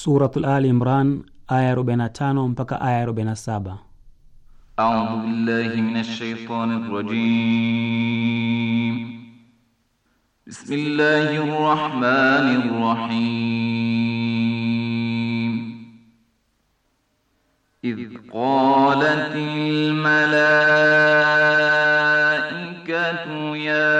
Suratul Ali Imran aya 45 mpaka aya 47. A'udhu billahi minash shaitanir rajim. Bismillahir rahmanir rahim. إذ قالت الملائكة يا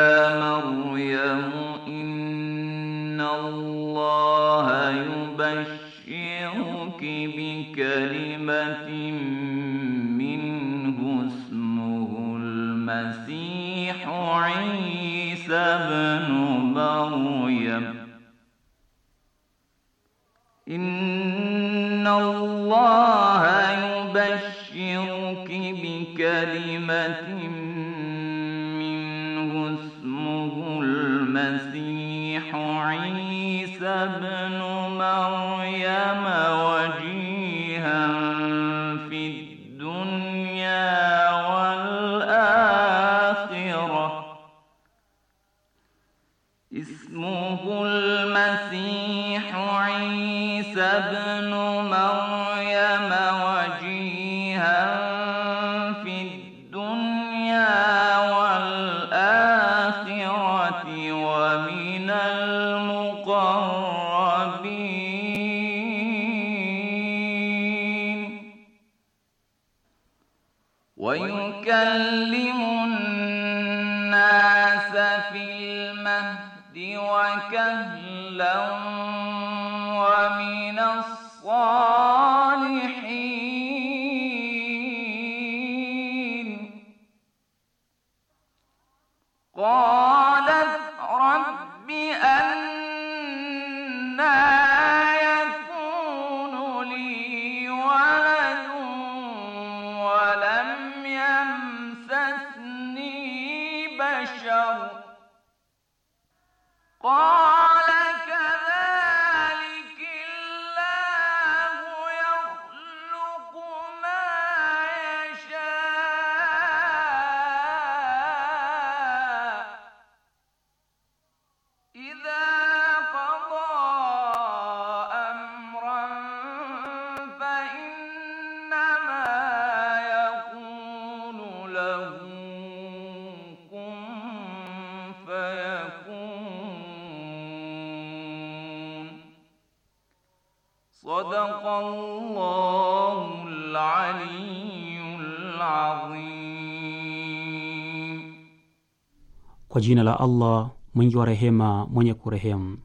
منه اسمه المسيح عيسى بن وكهلا jina la Allah mwingi wa rehema, mwenye kurehemu.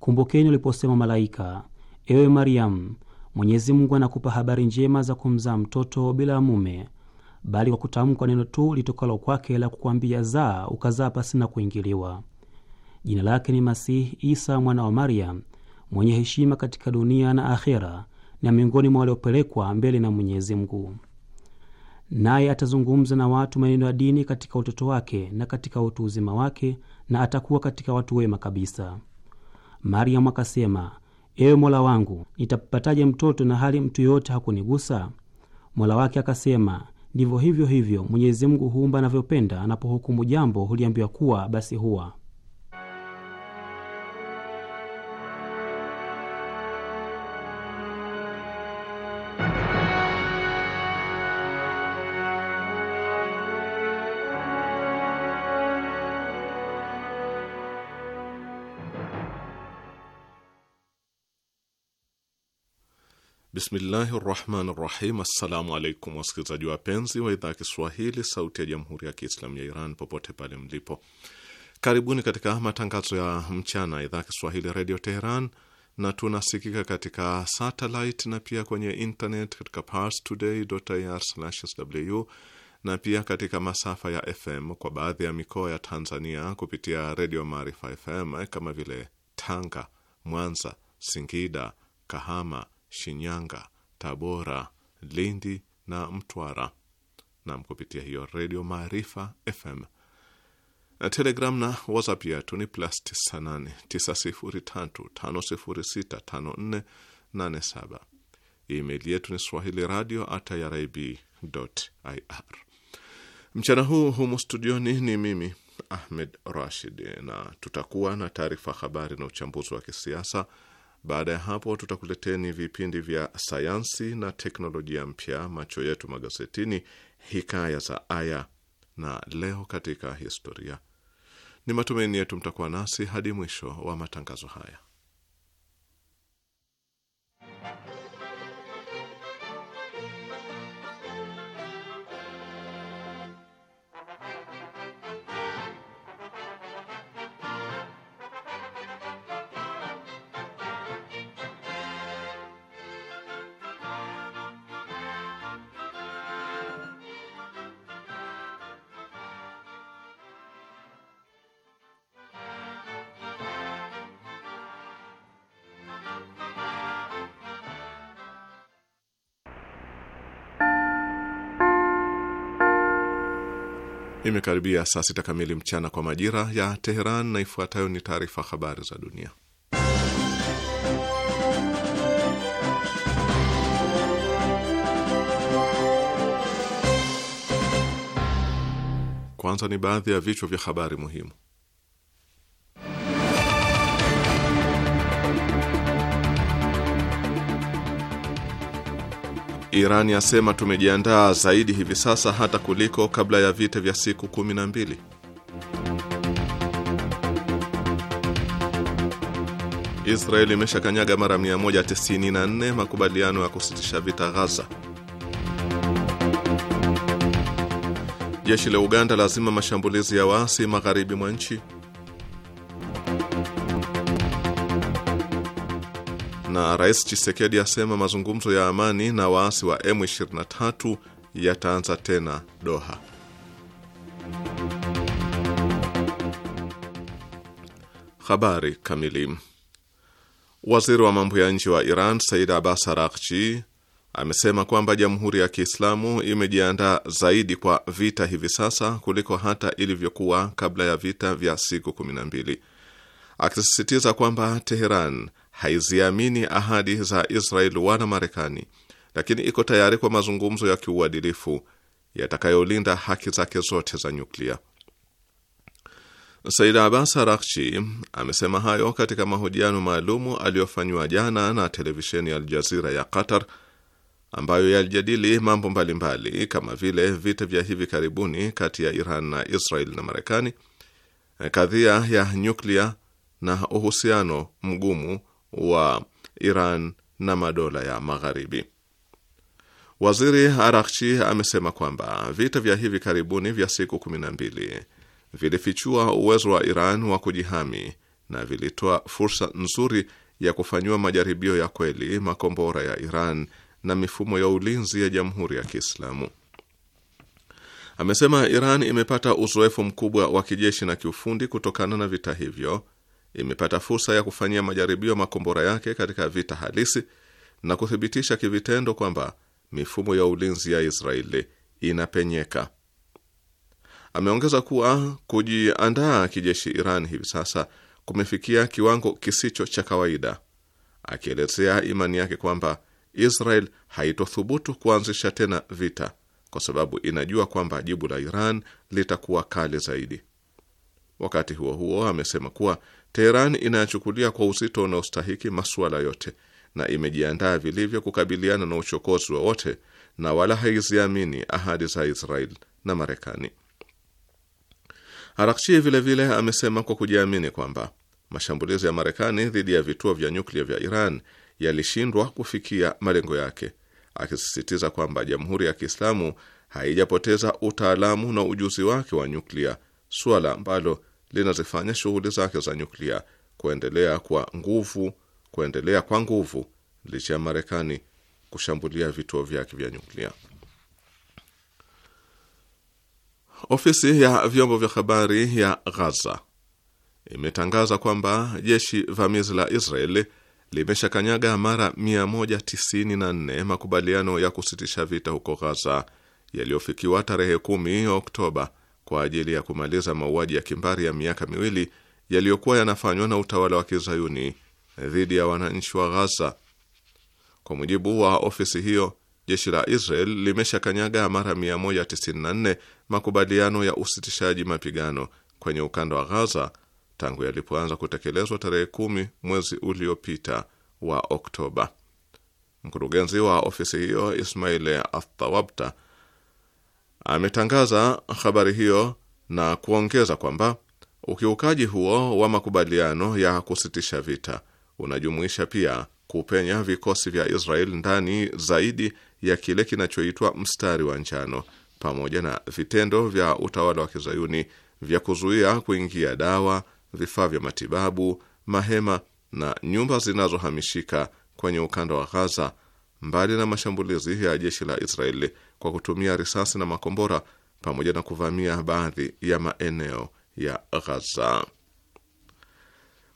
Kumbukeni uliposema malaika, ewe Mariam, Mwenyezi Mungu anakupa habari njema za kumzaa mtoto bila mume, bali kwa kutamkwa neno tu litokalo kwake la kukwambia zaa, ukazaa pasina kuingiliwa. Jina lake ni Masihi Isa mwana wa Mariam, mwenye heshima katika dunia na akhera, na miongoni mwa waliopelekwa mbele na Mwenyezi Mungu naye atazungumza na watu maneno ya dini katika utoto wake na katika utu uzima wake, na atakuwa katika watu wema kabisa. Maryamu akasema, ewe Mola wangu, nitapataje mtoto na hali mtu yoyote hakunigusa? Mola wake akasema, ndivyo hivyo hivyo Mwenyezi Mungu huumba anavyopenda, anapohukumu jambo huliambiwa kuwa, basi huwa. Bismillahi rahmani rahim. Assalamu alaikum wasikilizaji wapenzi wa idhaa ya Kiswahili sauti ya jamhuri ya Kiislamu ya Iran popote pale mlipo, karibuni katika matangazo ya mchana ya idhaa ya Kiswahili redio Teheran na tunasikika katika satelit na pia kwenye internet katika parstoday.ir/sw na pia katika masafa ya FM kwa baadhi ya mikoa ya Tanzania kupitia redio Maarifa FM kama vile Tanga, Mwanza, Singida, Kahama, Shinyanga, Tabora, Lindi na Mtwara, na kupitia hiyo Redio Maarifa FM na Telegram na WhatsApp yetu ni plus 989035065487. Email yetu ni swahili radio at irib ir. Mchana huu humu studioni ni mimi Ahmed Rashid, na tutakuwa na taarifa, habari na uchambuzi wa kisiasa baada ya hapo, tutakuleteni vipindi vya sayansi na teknolojia mpya, macho yetu magazetini, hikaya za aya na leo katika historia. Ni matumaini yetu mtakuwa nasi hadi mwisho wa matangazo haya. Imekaribia saa sita kamili mchana kwa majira ya Teheran, na ifuatayo ni taarifa habari za dunia. Kwanza ni baadhi ya vichwa vya habari muhimu. Iran yasema tumejiandaa zaidi hivi sasa hata kuliko kabla ya vita vya siku 12. Israeli imeshakanyaga mara 194 makubaliano ya kusitisha vita Gaza. Jeshi la Uganda lazima mashambulizi ya waasi magharibi mwa nchi. na Rais Chisekedi asema mazungumzo ya amani na waasi wa M23 yataanza tena Doha. Habari kamili. Waziri wa mambo ya nje wa Iran Said Abbas Araghchi amesema kwamba Jamhuri ya Kiislamu imejiandaa zaidi kwa vita hivi sasa kuliko hata ilivyokuwa kabla ya vita vya siku 12, akisisitiza kwamba Teheran haiziamini ahadi za Israel wana Marekani, lakini iko tayari kwa mazungumzo ya kiuadilifu yatakayolinda haki zake zote za nyuklia. Said Abbas Arakchi amesema hayo katika mahojiano maalumu aliyofanywa jana na televisheni ya Aljazira ya Qatar ambayo yalijadili mambo mbalimbali kama vile vita vya hivi karibuni kati ya Iran na Israel na Marekani, kadhia ya nyuklia na uhusiano mgumu wa Iran na madola ya Magharibi. Waziri Arakchi amesema kwamba vita vya hivi karibuni vya siku 12 vilifichua uwezo wa Iran wa kujihami na vilitoa fursa nzuri ya kufanyiwa majaribio ya kweli makombora ya Iran na mifumo ya ulinzi ya Jamhuri ya Kiislamu. Amesema Iran imepata uzoefu mkubwa wa kijeshi na kiufundi kutokana na vita hivyo imepata fursa ya kufanyia majaribio makombora yake katika vita halisi na kuthibitisha kivitendo kwamba mifumo ya ulinzi ya Israeli inapenyeka. Ameongeza kuwa kujiandaa kijeshi Iran hivi sasa kumefikia kiwango kisicho cha kawaida, akielezea imani yake kwamba Israel haitothubutu kuanzisha tena vita kwa sababu inajua kwamba jibu la Iran litakuwa kali zaidi. Wakati huo huo, amesema kuwa Teheran inayachukulia kwa uzito unaostahiki masuala yote na imejiandaa vilivyo kukabiliana na uchokozi wowote na wala haiziamini ahadi za Israel na Marekani. Arakchi vilevile amesema kwa kujiamini kwamba mashambulizi ya Marekani dhidi ya vituo vya nyuklia vya Iran yalishindwa kufikia malengo yake, akisisitiza kwamba Jamhuri ya Kiislamu haijapoteza utaalamu na ujuzi wake wa nyuklia, suala ambalo linazifanya shughuli zake za nyuklia kuendelea kwa nguvu kuendelea kwa nguvu licha ya Marekani kushambulia vituo vyake vya nyuklia. Ofisi ya vyombo vya habari ya Ghaza imetangaza kwamba jeshi vamizi la Israeli limeshakanyaga mara 194 makubaliano ya kusitisha vita huko Ghaza yaliyofikiwa tarehe 10 Oktoba kwa ajili ya kumaliza mauaji ya kimbari ya miaka miwili yaliyokuwa yanafanywa na utawala wa kizayuni dhidi ya wananchi wa Ghaza. Kwa mujibu wa ofisi hiyo, jeshi la Israel limeshakanyaga mara 194 makubaliano ya usitishaji mapigano kwenye ukanda wa Ghaza tangu yalipoanza kutekelezwa tarehe kumi mwezi uliopita wa Oktoba. Mkurugenzi wa ofisi hiyo Ismail Athawabta ametangaza habari hiyo na kuongeza kwamba ukiukaji huo wa makubaliano ya kusitisha vita unajumuisha pia kupenya vikosi vya Israel ndani zaidi ya kile kinachoitwa mstari wa njano pamoja na vitendo vya utawala wa kizayuni vya kuzuia kuingia dawa, vifaa vya matibabu, mahema na nyumba zinazohamishika kwenye ukanda wa Gaza, mbali na mashambulizi ya jeshi la Israeli kwa kutumia risasi na makombora pamoja na kuvamia baadhi ya maeneo ya Ghaza.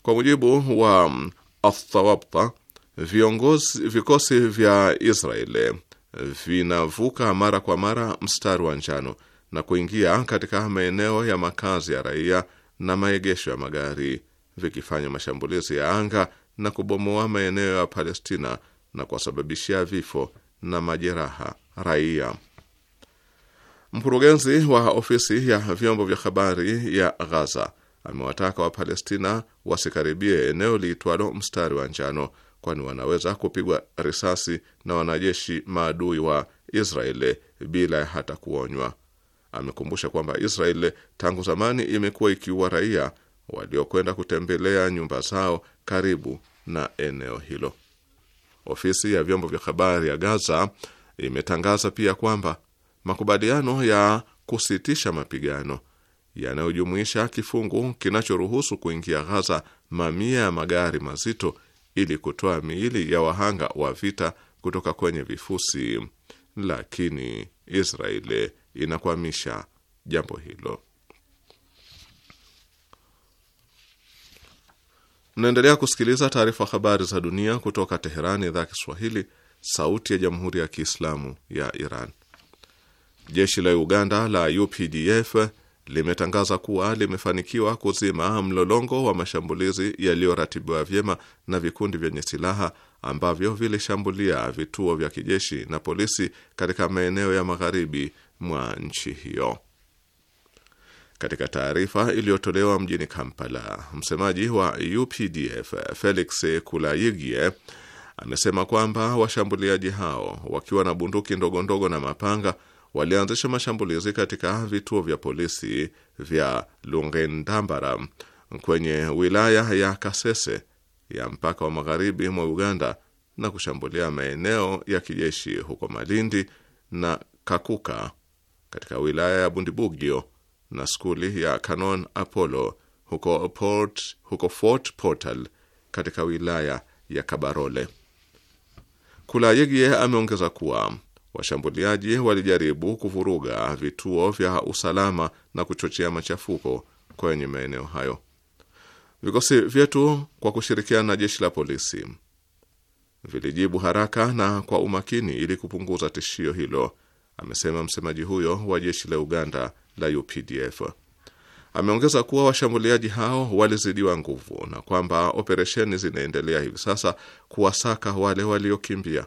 Kwa mujibu wa Athawabta, viongozi vikosi vya Israeli vinavuka mara kwa mara mstari wa njano na kuingia katika maeneo ya makazi ya raia na maegesho ya magari vikifanya mashambulizi ya anga na kubomoa maeneo ya Palestina na kuwasababishia vifo na majeraha raia. Mkurugenzi wa ofisi ya vyombo vya habari ya Ghaza amewataka Wapalestina wasikaribie eneo liitwalo mstari wa njano, kwani wanaweza kupigwa risasi na wanajeshi maadui wa Israeli bila ya hata kuonywa. Amekumbusha kwamba Israeli tangu zamani imekuwa ikiua raia waliokwenda kutembelea nyumba zao karibu na eneo hilo. Ofisi ya vyombo vya habari ya Gaza imetangaza pia kwamba makubaliano ya kusitisha mapigano yanayojumuisha kifungu kinachoruhusu kuingia Ghaza mamia ya magari mazito ili kutoa miili ya wahanga wa vita kutoka kwenye vifusi, lakini Israeli inakwamisha jambo hilo. Mnaendelea kusikiliza taarifa habari za dunia kutoka Teherani, idhaa Kiswahili, sauti ya jamhuri ya kiislamu ya Iran. Jeshi la Uganda la UPDF limetangaza kuwa limefanikiwa kuzima mlolongo wa mashambulizi yaliyoratibiwa vyema na vikundi vyenye silaha ambavyo vilishambulia vituo vya kijeshi na polisi katika maeneo ya magharibi mwa nchi hiyo. Katika taarifa iliyotolewa mjini Kampala, msemaji wa UPDF Felix Kulayigie amesema kwamba washambuliaji hao wakiwa na bunduki ndogo ndogo na mapanga walianzisha mashambulizi katika vituo vya polisi vya Lungendambara kwenye wilaya ya Kasese ya mpaka wa magharibi mwa Uganda na kushambulia maeneo ya kijeshi huko Malindi na Kakuka katika wilaya ya Bundibugyo na skuli ya Canon Apollo huko Port, huko Fort Portal katika wilaya ya Kabarole yegie ameongeza kuwa washambuliaji walijaribu kuvuruga vituo vya usalama na kuchochea machafuko kwenye maeneo hayo. Vikosi vyetu kwa kushirikiana na jeshi la polisi vilijibu haraka na kwa umakini ili kupunguza tishio hilo, amesema msemaji huyo wa jeshi la Uganda la UPDF. Ameongeza kuwa washambuliaji hao walizidiwa nguvu na kwamba operesheni zinaendelea hivi sasa kuwasaka wale waliokimbia.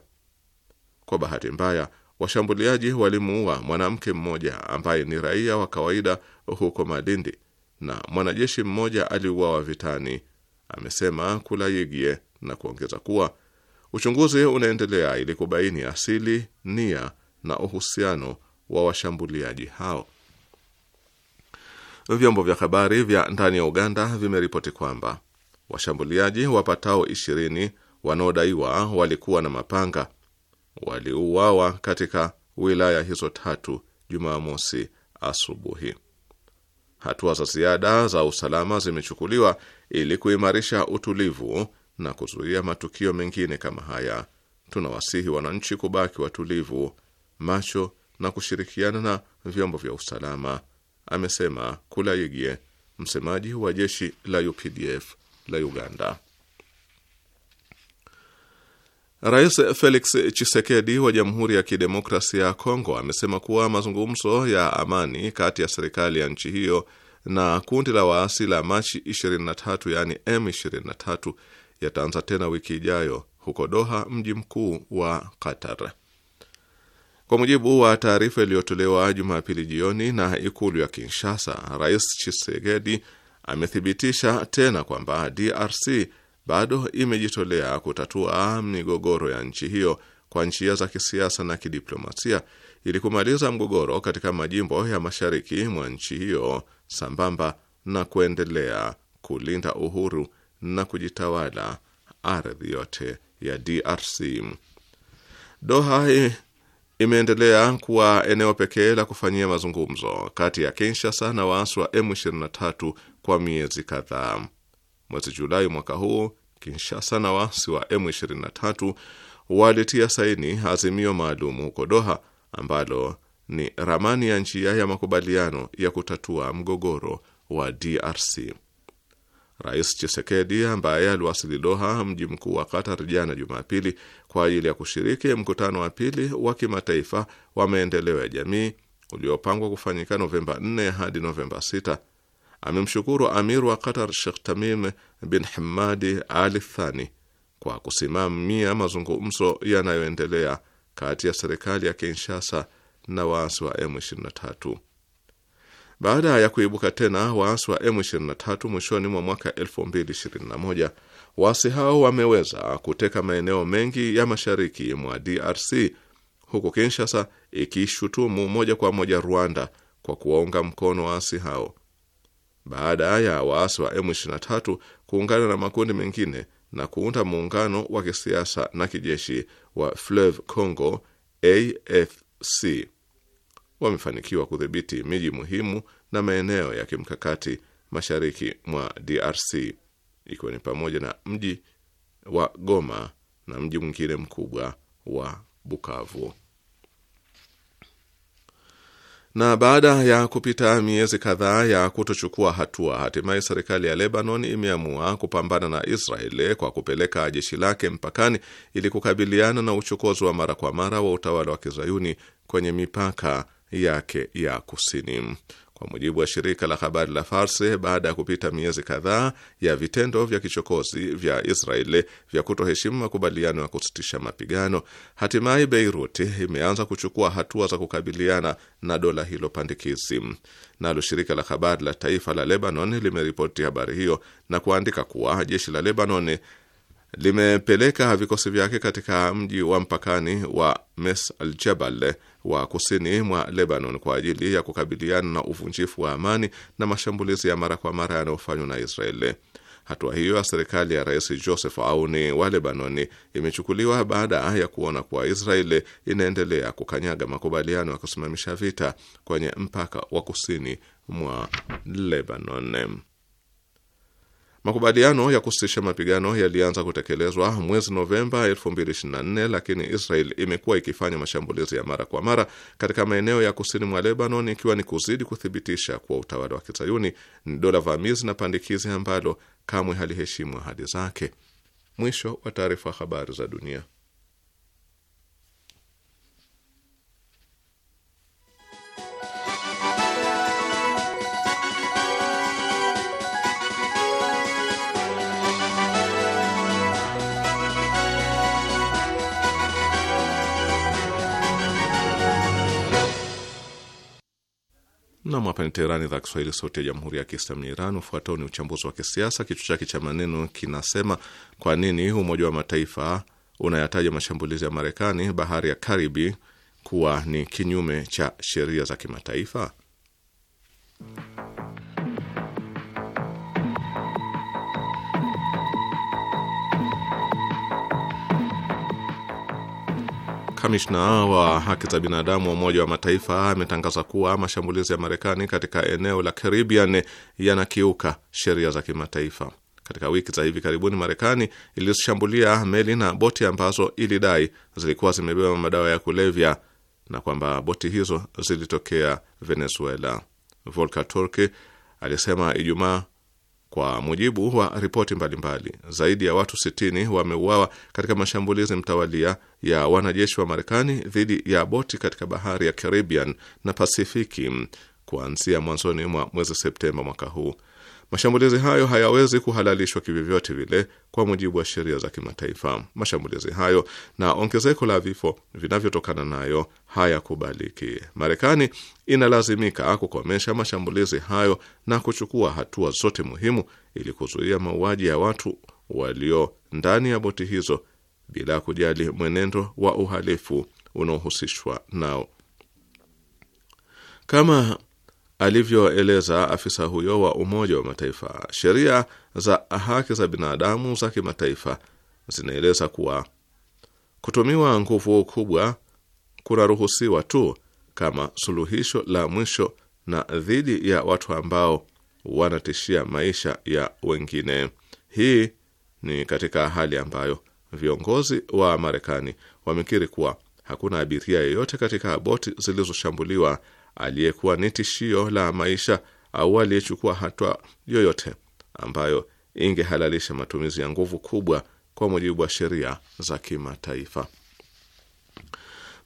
Kwa bahati mbaya, washambuliaji walimuua mwanamke mmoja ambaye ni raia wa kawaida huko Malindi na mwanajeshi mmoja aliuawa vitani, amesema Kulayigie, na kuongeza kuwa uchunguzi unaendelea ili kubaini asili, nia na uhusiano wa washambuliaji hao. Vyombo vya habari vya ndani ya Uganda vimeripoti kwamba washambuliaji wapatao ishirini wanaodaiwa walikuwa na mapanga waliuawa katika wilaya hizo tatu Jumamosi asubuhi. Hatua za ziada za usalama zimechukuliwa ili kuimarisha utulivu na kuzuia matukio mengine kama haya. Tunawasihi wananchi kubaki watulivu, macho na kushirikiana na vyombo vya usalama amesema Kulaigye, msemaji wa jeshi la UPDF la Uganda. Rais Felix Tshisekedi wa Jamhuri ya Kidemokrasia ya Kongo amesema kuwa mazungumzo ya amani kati ya serikali ya nchi hiyo na kundi la waasi la Machi 23 yaani M23 yataanza tena wiki ijayo huko Doha, mji mkuu wa Qatar. Kwa mujibu wa taarifa iliyotolewa Jumapili jioni na ikulu ya Kinshasa, Rais Tshisekedi amethibitisha tena kwamba DRC bado imejitolea kutatua migogoro ya nchi hiyo kwa njia za kisiasa na kidiplomasia ili kumaliza mgogoro katika majimbo ya mashariki mwa nchi hiyo sambamba na kuendelea kulinda uhuru na kujitawala ardhi yote ya DRC. Doha imeendelea kuwa eneo pekee la kufanyia mazungumzo kati ya Kinshasa na waasi wa M23 kwa miezi kadhaa. Mwezi Julai mwaka huu, Kinshasa na waasi wa M23 walitia saini azimio maalum huko Doha ambalo ni ramani ya njia ya makubaliano ya kutatua mgogoro wa DRC. Rais Chisekedi ambaye aliwasili Doha, mji mkuu wa Qatar, jana Jumapili kwa ajili ya kushiriki mkutano wa pili wa kimataifa wa maendeleo ya jamii uliopangwa kufanyika Novemba 4 hadi Novemba 6 amemshukuru Amir wa Qatar Sheikh Tamim bin Hamadi Al Thani kwa kusimamia mazungumzo yanayoendelea kati ya serikali ya Kinshasa na waasi wa M23. Baada ya kuibuka tena waasi wa M23 mwishoni mwa mwaka 2021, waasi hao wameweza kuteka maeneo mengi ya mashariki mwa DRC, huku Kinshasa ikishutumu moja kwa moja Rwanda kwa kuwaunga mkono waasi hao. Baada ya waasi wa M23 kuungana na makundi mengine na kuunda muungano wa kisiasa na kijeshi wa Fleuve Congo AFC wamefanikiwa kudhibiti miji muhimu na maeneo ya kimkakati mashariki mwa DRC ikiwa ni pamoja na mji wa Goma na mji mwingine mkubwa wa Bukavu. Na baada ya kupita miezi kadhaa ya kutochukua hatua, hatimaye serikali ya Lebanon imeamua kupambana na Israeli kwa kupeleka jeshi lake mpakani ili kukabiliana na uchokozi wa mara kwa mara wa utawala wa kizayuni kwenye mipaka yake ya kusini. Kwa mujibu wa shirika la habari la Farsi, baada ya kupita miezi kadhaa ya vitendo vya kichokozi vya Israeli vya kutoheshimu makubaliano ya kusitisha mapigano, hatimaye Beiruti imeanza kuchukua hatua za kukabiliana na dola hilo pandikizi. Nalo shirika la habari la taifa la Lebanon limeripoti habari hiyo na kuandika kuwa jeshi la Lebanon limepeleka vikosi vyake katika mji wa mpakani wa Mes al Jabal wa kusini mwa Lebanon kwa ajili ya kukabiliana na uvunjifu wa amani na mashambulizi ya mara kwa mara yanayofanywa na Israeli. Hatua hiyo ya serikali ya Rais Joseph Auni wa Lebanoni imechukuliwa baada ya kuona kuwa Israeli inaendelea kukanyaga makubaliano ya kusimamisha vita kwenye mpaka wa kusini mwa Lebanon. Makubaliano ya kusitisha mapigano yalianza kutekelezwa mwezi Novemba 2024 lakini Israel imekuwa ikifanya mashambulizi ya mara kwa mara katika maeneo ya kusini mwa Lebanon, ikiwa ni kuzidi kuthibitisha kuwa utawala wa kizayuni ni dola vamizi na pandikizi ambalo kamwe haliheshimu ahadi zake. Mwisho wa taarifa. Habari za dunia. Nam, hapa ni Teherani, idhaa Kiswahili, sauti ya jamhuri ya kiislamu ya Iran. Ufuatao ni uchambuzi wa kisiasa, kichwa chake cha maneno kinasema kwa nini Umoja wa Mataifa unayataja mashambulizi ya Marekani bahari ya Karibi kuwa ni kinyume cha sheria za kimataifa. Kamishna wa haki za binadamu wa Umoja wa Mataifa ametangaza kuwa mashambulizi ya Marekani katika eneo la Caribbean yanakiuka sheria za kimataifa. Katika wiki za hivi karibuni, Marekani ilishambulia meli na boti ambazo ilidai zilikuwa zimebeba madawa ya kulevya na kwamba boti hizo zilitokea Venezuela. Volker Turk alisema Ijumaa kwa mujibu wa ripoti mbalimbali, zaidi ya watu 60 wameuawa katika mashambulizi mtawalia ya wanajeshi wa Marekani dhidi ya boti katika bahari ya Caribbean na Pasifiki kuanzia mwanzoni mwa mwezi Septemba mwaka huu. Mashambulizi hayo hayawezi kuhalalishwa kivyovyote vile kwa mujibu wa sheria za kimataifa. Mashambulizi hayo na ongezeko la vifo vinavyotokana nayo hayakubaliki. Marekani inalazimika kukomesha mashambulizi hayo na kuchukua hatua zote muhimu ili kuzuia mauaji ya watu walio ndani ya boti hizo bila kujali mwenendo wa uhalifu unaohusishwa nao. Kama alivyoeleza afisa huyo wa Umoja wa Mataifa. Sheria za haki za binadamu za kimataifa zinaeleza kuwa kutumiwa nguvu kubwa kunaruhusiwa tu kama suluhisho la mwisho na dhidi ya watu ambao wanatishia maisha ya wengine. Hii ni katika hali ambayo viongozi wa Marekani wamekiri kuwa hakuna abiria yeyote katika boti zilizoshambuliwa aliyekuwa ni tishio la maisha au aliyechukua hatua yoyote ambayo ingehalalisha matumizi ya nguvu kubwa kwa mujibu wa sheria za kimataifa.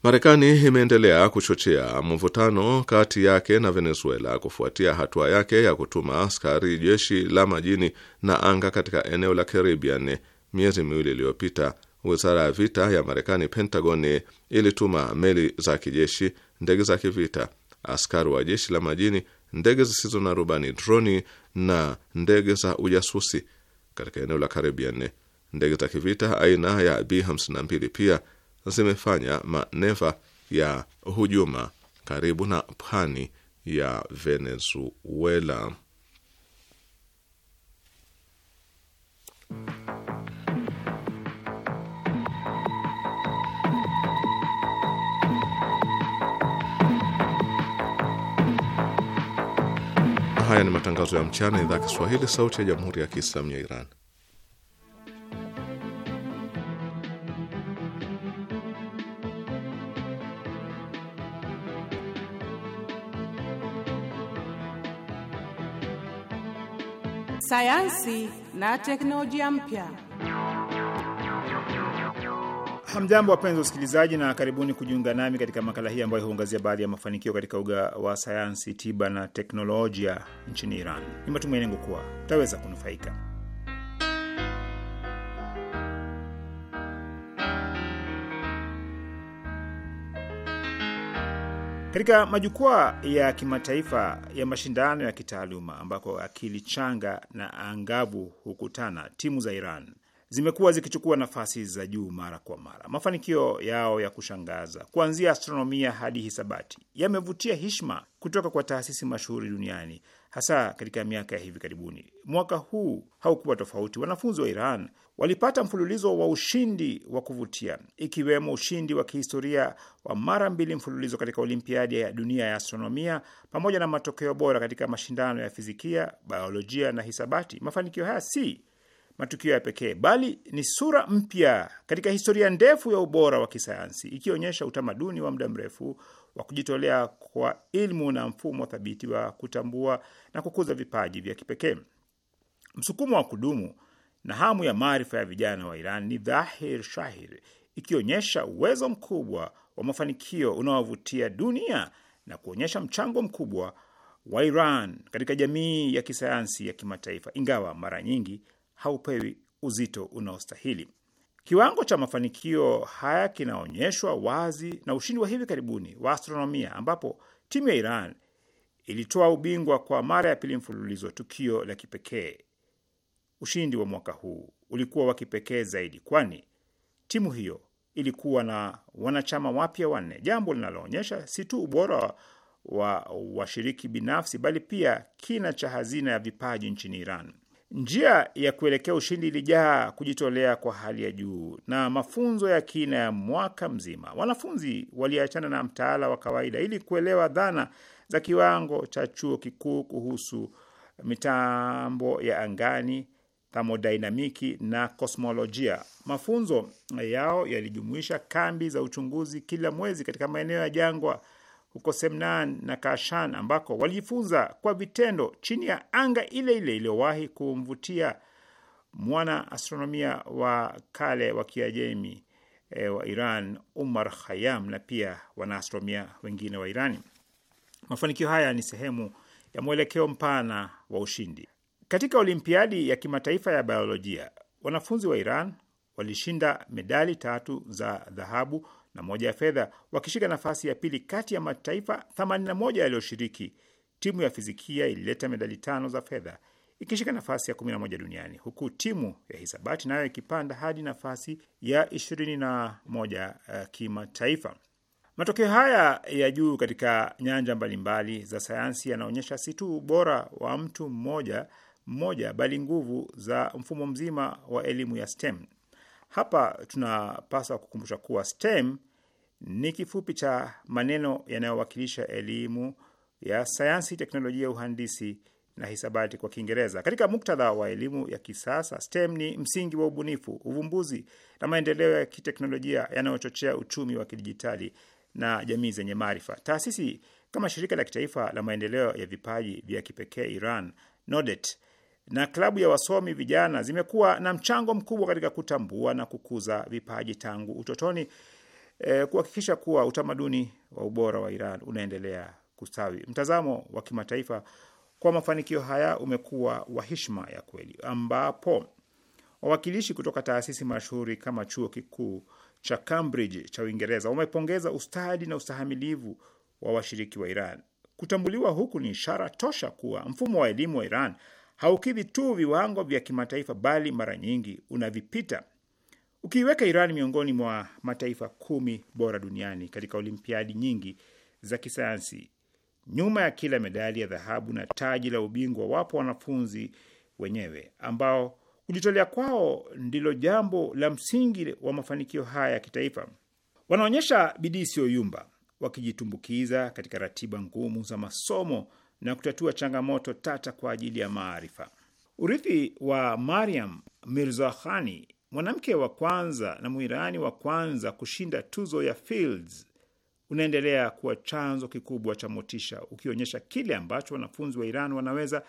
Marekani imeendelea kuchochea mvutano kati yake na Venezuela kufuatia hatua yake ya kutuma askari jeshi la majini na anga katika eneo la Caribbean miezi miwili iliyopita. Wizara ya vita ya Marekani, Pentagoni, ilituma meli za kijeshi, ndege za kivita askari wa jeshi la majini, ndege zisizo na rubani, droni na ndege za ujasusi katika eneo la Caribbean. Ndege za kivita aina ya B52 pia zimefanya maneva ya hujuma karibu na pwani ya Venezuela. Haya ni matangazo ya mchana idhaa ya Kiswahili, sauti ya jamhuri ya kiislamu ya Iran. Sayansi na teknolojia mpya. Hamjambo, wapenzi usikilizaji na karibuni kujiunga nami katika makala hii ambayo huangazia baadhi ya mafanikio katika uga wa sayansi, tiba na teknolojia nchini Iran. Ni matumaini yangu kuwa utaweza kunufaika. Katika majukwaa ya kimataifa ya mashindano ya kitaaluma ambako akili changa na angavu hukutana, timu za Iran zimekuwa zikichukua nafasi za juu mara kwa mara. Mafanikio yao ya kushangaza kuanzia astronomia hadi hisabati yamevutia heshima kutoka kwa taasisi mashuhuri duniani, hasa katika miaka ya hivi karibuni. Mwaka huu haukuwa tofauti. Wanafunzi wa Iran walipata mfululizo wa ushindi wa kuvutia, ikiwemo ushindi wa kihistoria wa mara mbili mfululizo katika Olimpiadi ya dunia ya astronomia, pamoja na matokeo bora katika mashindano ya fizikia, biolojia na hisabati. Mafanikio haya si matukio ya pekee, bali ni sura mpya katika historia ndefu ya ubora wa kisayansi, ikionyesha utamaduni wa muda mrefu wa kujitolea kwa ilmu na mfumo thabiti wa kutambua na kukuza vipaji vya kipekee. Msukumo wa kudumu na hamu ya maarifa ya vijana wa Iran ni dhahir shahir, ikionyesha uwezo mkubwa wa mafanikio unaovutia dunia na kuonyesha mchango mkubwa wa Iran katika jamii ya kisayansi ya kimataifa, ingawa mara nyingi haupewi uzito unaostahili. Kiwango cha mafanikio haya kinaonyeshwa wazi na ushindi wa hivi karibuni wa astronomia, ambapo timu ya Iran ilitoa ubingwa kwa mara ya pili mfululizo, tukio la kipekee. Ushindi wa mwaka huu ulikuwa wa kipekee zaidi, kwani timu hiyo ilikuwa na wanachama wapya wanne, jambo linaloonyesha si tu ubora wa washiriki binafsi, bali pia kina cha hazina ya vipaji nchini Iran. Njia ya kuelekea ushindi ilijaa kujitolea kwa hali ya juu na mafunzo ya kina ya mwaka mzima. Wanafunzi waliachana na mtaala wa kawaida ili kuelewa dhana za kiwango cha chuo kikuu kuhusu mitambo ya angani, thamodinamiki na kosmolojia. Mafunzo yao yalijumuisha kambi za uchunguzi kila mwezi katika maeneo ya jangwa huko Semnan na Kashan ambako walijifunza kwa vitendo chini ya anga ile ile iliyowahi kumvutia mwana astronomia wa kale wa Kiajemi e, wa Iran Umar hayam na pia wanaastronomia wengine wa Irani. Mafanikio haya ni sehemu ya mwelekeo mpana wa ushindi katika Olimpiadi ya kimataifa ya biolojia. Wanafunzi wa Iran walishinda medali tatu za dhahabu na moja ya fedha, wakishika nafasi ya pili kati ya mataifa 81 yaliyoshiriki. Timu ya fizikia ilileta medali tano za fedha ikishika nafasi ya 11 duniani, huku timu ya hisabati nayo ikipanda hadi nafasi ya 21 uh, eh, kimataifa. Matokeo haya ya juu katika nyanja mbalimbali za sayansi yanaonyesha si tu ubora wa mtu mmoja mmoja, bali nguvu za mfumo mzima wa elimu ya STEM. Hapa tunapaswa kukumbusha kuwa STEM ni kifupi cha maneno yanayowakilisha elimu ya sayansi, teknolojia, uhandisi na hisabati kwa Kiingereza. Katika muktadha wa elimu ya kisasa, STEM ni msingi wa ubunifu, uvumbuzi na maendeleo ya kiteknolojia yanayochochea uchumi wa kidijitali na jamii zenye maarifa. Taasisi kama shirika la kitaifa la maendeleo ya vipaji vya kipekee Iran, NODET, na klabu ya wasomi vijana zimekuwa na mchango mkubwa katika kutambua na kukuza vipaji tangu utotoni, e, kuhakikisha kuwa utamaduni wa ubora wa Iran unaendelea kustawi. Mtazamo wa kimataifa kwa mafanikio haya umekuwa wa heshima ya kweli, ambapo wawakilishi kutoka taasisi mashuhuri kama chuo kikuu cha Cambridge cha Uingereza wamepongeza ustadi na ustahamilivu wa washiriki wa Iran. Kutambuliwa huku ni ishara tosha kuwa mfumo wa elimu wa Iran haukidhi tu viwango vya kimataifa, bali mara nyingi unavipita, ukiiweka Iran miongoni mwa mataifa kumi bora duniani katika olimpiadi nyingi za kisayansi. Nyuma ya kila medali ya dhahabu na taji la ubingwa, wapo wanafunzi wenyewe ambao kujitolea kwao ndilo jambo la msingi wa mafanikio haya ya kitaifa. Wanaonyesha bidii isiyoyumba, wakijitumbukiza katika ratiba ngumu za masomo na kutatua changamoto tata kwa ajili ya maarifa. Urithi wa Mariam Mirzakhani, mwanamke wa kwanza na Mwirani wa kwanza kushinda tuzo ya Fields, unaendelea kuwa chanzo kikubwa cha motisha, ukionyesha kile ambacho wanafunzi wa Iran wanaweza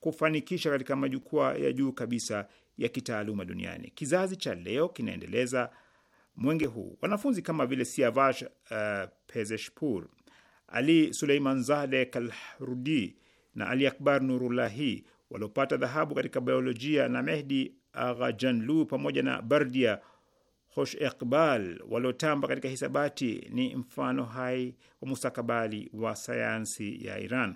kufanikisha katika majukwaa ya juu kabisa ya kitaaluma duniani. Kizazi cha leo kinaendeleza mwenge huu. Wanafunzi kama vile Siavash uh, Pezeshpur ali Suleiman Zade Kalhrudi na Ali Akbar Nurulahi waliopata dhahabu katika biolojia na Mehdi Aghajanlu pamoja na Bardia Hosh Iqbal waliotamba katika hisabati ni mfano hai wa mustakabali wa sayansi ya Iran.